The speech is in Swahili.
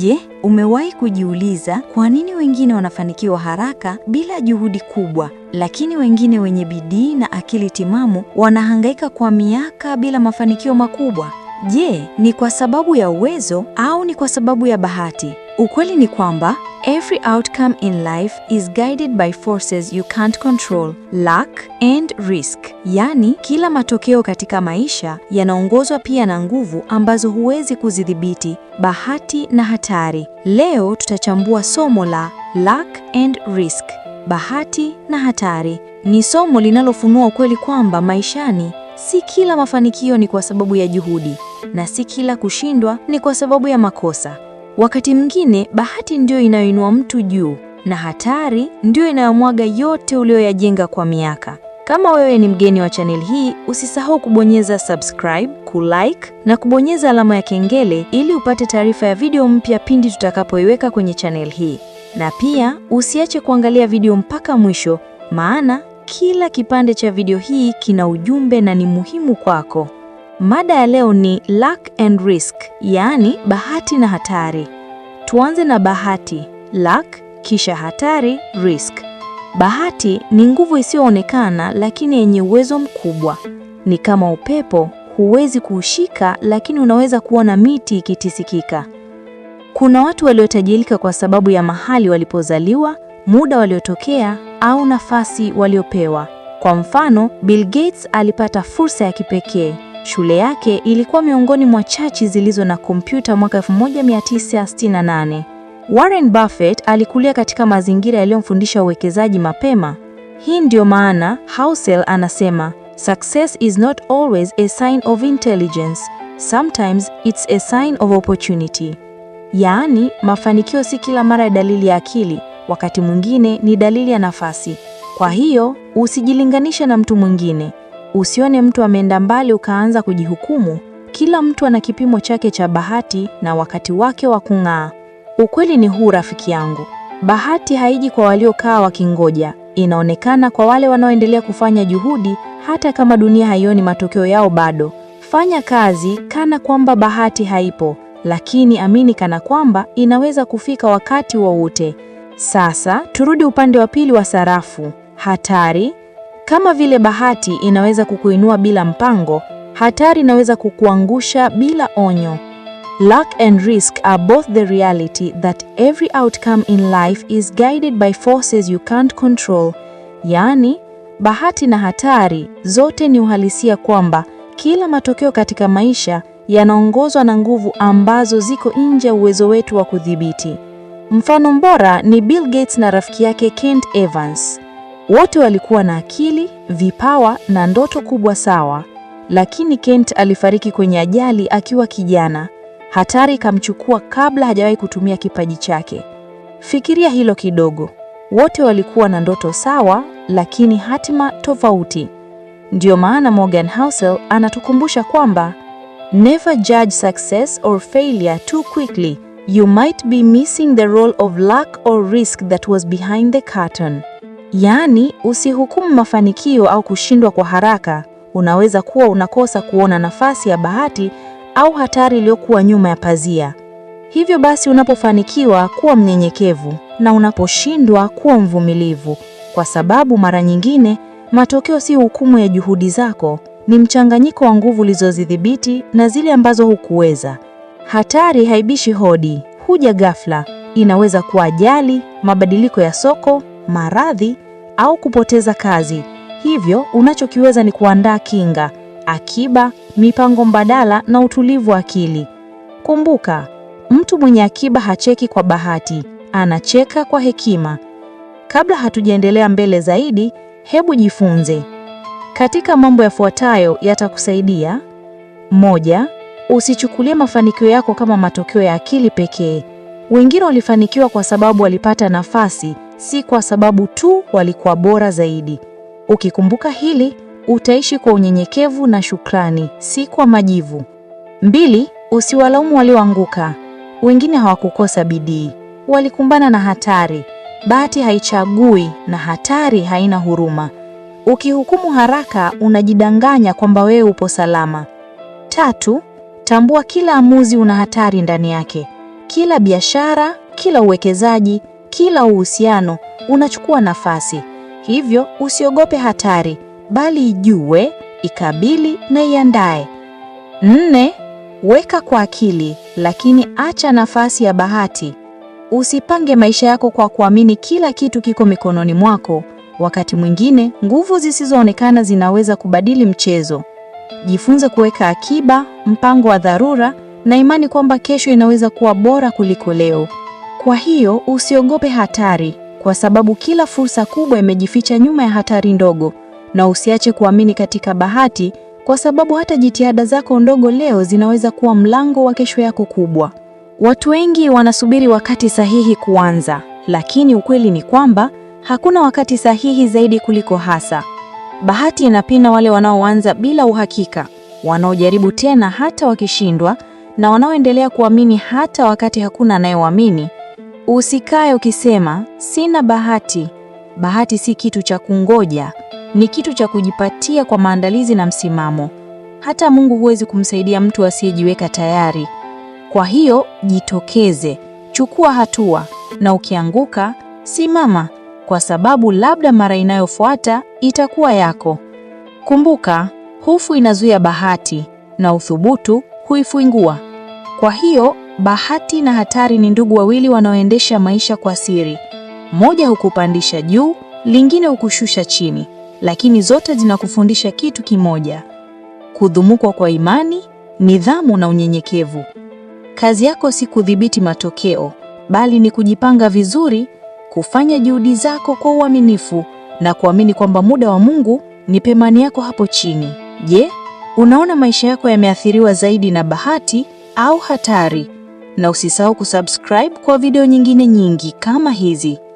Je, umewahi kujiuliza kwa nini wengine wanafanikiwa haraka bila juhudi kubwa, lakini wengine wenye bidii na akili timamu wanahangaika kwa miaka bila mafanikio makubwa? Je, ni kwa sababu ya uwezo au ni kwa sababu ya bahati? Ukweli ni kwamba every outcome in life is guided by forces you can't control, luck and risk. Yaani, kila matokeo katika maisha yanaongozwa pia na nguvu ambazo huwezi kuzidhibiti, bahati na hatari. Leo tutachambua somo la luck and risk, bahati na hatari. Ni somo linalofunua ukweli kwamba maishani si kila mafanikio ni kwa sababu ya juhudi na si kila kushindwa ni kwa sababu ya makosa. Wakati mwingine bahati ndio inayoinua mtu juu na hatari ndio inayomwaga yote uliyoyajenga kwa miaka. Kama wewe ni mgeni wa channel hii, usisahau kubonyeza subscribe, kulike na kubonyeza alama ya kengele ili upate taarifa ya video mpya pindi tutakapoiweka kwenye channel hii. Na pia usiache kuangalia video mpaka mwisho, maana kila kipande cha video hii kina ujumbe na ni muhimu kwako. Mada ya leo ni luck and risk, yaani bahati na hatari. Tuanze na bahati, luck, kisha hatari, risk. Bahati ni nguvu isiyoonekana lakini yenye uwezo mkubwa. Ni kama upepo, huwezi kuushika lakini unaweza kuona miti ikitisikika. Kuna watu waliotajirika kwa sababu ya mahali walipozaliwa, muda waliotokea au nafasi waliopewa. Kwa mfano, Bill Gates alipata fursa ya kipekee Shule yake ilikuwa miongoni mwa chachi zilizo na kompyuta mwaka 1968. Warren Buffett alikulia katika mazingira yaliyomfundisha uwekezaji mapema. Hii ndiyo maana Housel anasema, Success is not always a sign of intelligence. Sometimes it's a sign of opportunity. Yaani, mafanikio si kila mara ya dalili ya akili, wakati mwingine ni dalili ya nafasi. Kwa hiyo, usijilinganishe na mtu mwingine. Usione mtu ameenda mbali ukaanza kujihukumu. Kila mtu ana kipimo chake cha bahati na wakati wake wa kung'aa. Ukweli ni huu, rafiki yangu, bahati haiji kwa waliokaa wakingoja, inaonekana kwa wale wanaoendelea kufanya juhudi, hata kama dunia haioni matokeo yao bado. Fanya kazi kana kwamba bahati haipo, lakini amini kana kwamba inaweza kufika wakati wowote. Sasa turudi upande wa pili wa sarafu: hatari kama vile bahati inaweza kukuinua bila mpango, hatari inaweza kukuangusha bila onyo. Luck and risk are both the reality that every outcome in life is guided by forces you can't control. Yaani, bahati na hatari zote ni uhalisia kwamba kila matokeo katika maisha yanaongozwa na nguvu ambazo ziko nje ya uwezo wetu wa kudhibiti. Mfano bora ni Bill Gates na rafiki yake Kent Evans. Wote walikuwa na akili, vipawa na ndoto kubwa sawa, lakini Kent alifariki kwenye ajali akiwa kijana. Hatari ikamchukua kabla hajawahi kutumia kipaji chake. Fikiria hilo kidogo. Wote walikuwa na ndoto sawa, lakini hatima tofauti. ndio maana Morgan Housel anatukumbusha kwamba never judge success or failure too quickly. You might be missing the role of luck or risk that was behind the curtain. Yaani, usihukumu mafanikio au kushindwa kwa haraka. Unaweza kuwa unakosa kuona nafasi ya bahati au hatari iliyokuwa nyuma ya pazia. Hivyo basi, unapofanikiwa kuwa mnyenyekevu na unaposhindwa kuwa mvumilivu, kwa sababu mara nyingine matokeo si hukumu ya juhudi zako, ni mchanganyiko wa nguvu ulizozidhibiti na zile ambazo hukuweza. Hatari haibishi hodi, huja ghafla. Inaweza kuwa ajali, mabadiliko ya soko maradhi au kupoteza kazi. Hivyo unachokiweza ni kuandaa kinga, akiba, mipango mbadala na utulivu wa akili. Kumbuka, mtu mwenye akiba hacheki kwa bahati, anacheka kwa hekima. Kabla hatujaendelea mbele zaidi, hebu jifunze katika mambo yafuatayo yatakusaidia. Moja, usichukulie mafanikio yako kama matokeo ya akili pekee. Wengine walifanikiwa kwa sababu walipata nafasi si kwa sababu tu walikuwa bora zaidi. Ukikumbuka hili, utaishi kwa unyenyekevu na shukrani, si kwa majivu. Mbili, usiwalaumu walioanguka. Wengine hawakukosa bidii, walikumbana na hatari. Bahati haichagui na hatari haina huruma. Ukihukumu haraka, unajidanganya kwamba wewe upo salama. Tatu, tambua kila amuzi una hatari ndani yake. Kila biashara, kila uwekezaji, kila uhusiano unachukua nafasi. Hivyo usiogope hatari, bali ijue, ikabili na iandae. Nne, weka kwa akili, lakini acha nafasi ya bahati. Usipange maisha yako kwa kuamini kila kitu kiko mikononi mwako. Wakati mwingine nguvu zisizoonekana zinaweza kubadili mchezo. Jifunze kuweka akiba, mpango wa dharura na imani kwamba kesho inaweza kuwa bora kuliko leo. Kwa hiyo usiogope hatari, kwa sababu kila fursa kubwa imejificha nyuma ya hatari ndogo, na usiache kuamini katika bahati, kwa sababu hata jitihada zako ndogo leo zinaweza kuwa mlango wa kesho yako kubwa. Watu wengi wanasubiri wakati sahihi kuanza, lakini ukweli ni kwamba hakuna wakati sahihi zaidi kuliko hasa. Bahati inapinda wale wanaoanza bila uhakika, wanaojaribu tena hata wakishindwa, na wanaoendelea kuamini hata wakati hakuna anayewaamini. Usikae ukisema sina bahati. Bahati si kitu cha kungoja, ni kitu cha kujipatia kwa maandalizi na msimamo. Hata Mungu huwezi kumsaidia mtu asiyejiweka tayari. Kwa hiyo jitokeze, chukua hatua, na ukianguka simama, kwa sababu labda mara inayofuata itakuwa yako. Kumbuka, hofu inazuia bahati na uthubutu huifungua. Kwa hiyo Bahati na hatari ni ndugu wawili wanaoendesha maisha kwa siri. Moja hukupandisha juu, lingine hukushusha chini, lakini zote zinakufundisha kitu kimoja: kudhumukwa kwa imani, nidhamu na unyenyekevu. Kazi yako si kudhibiti matokeo, bali ni kujipanga vizuri, kufanya juhudi zako kwa uaminifu na kuamini kwamba muda wa Mungu ni pemani yako hapo chini. Je, unaona maisha yako yameathiriwa zaidi na bahati au hatari? na usisahau kusubscribe kwa video nyingine nyingi kama hizi.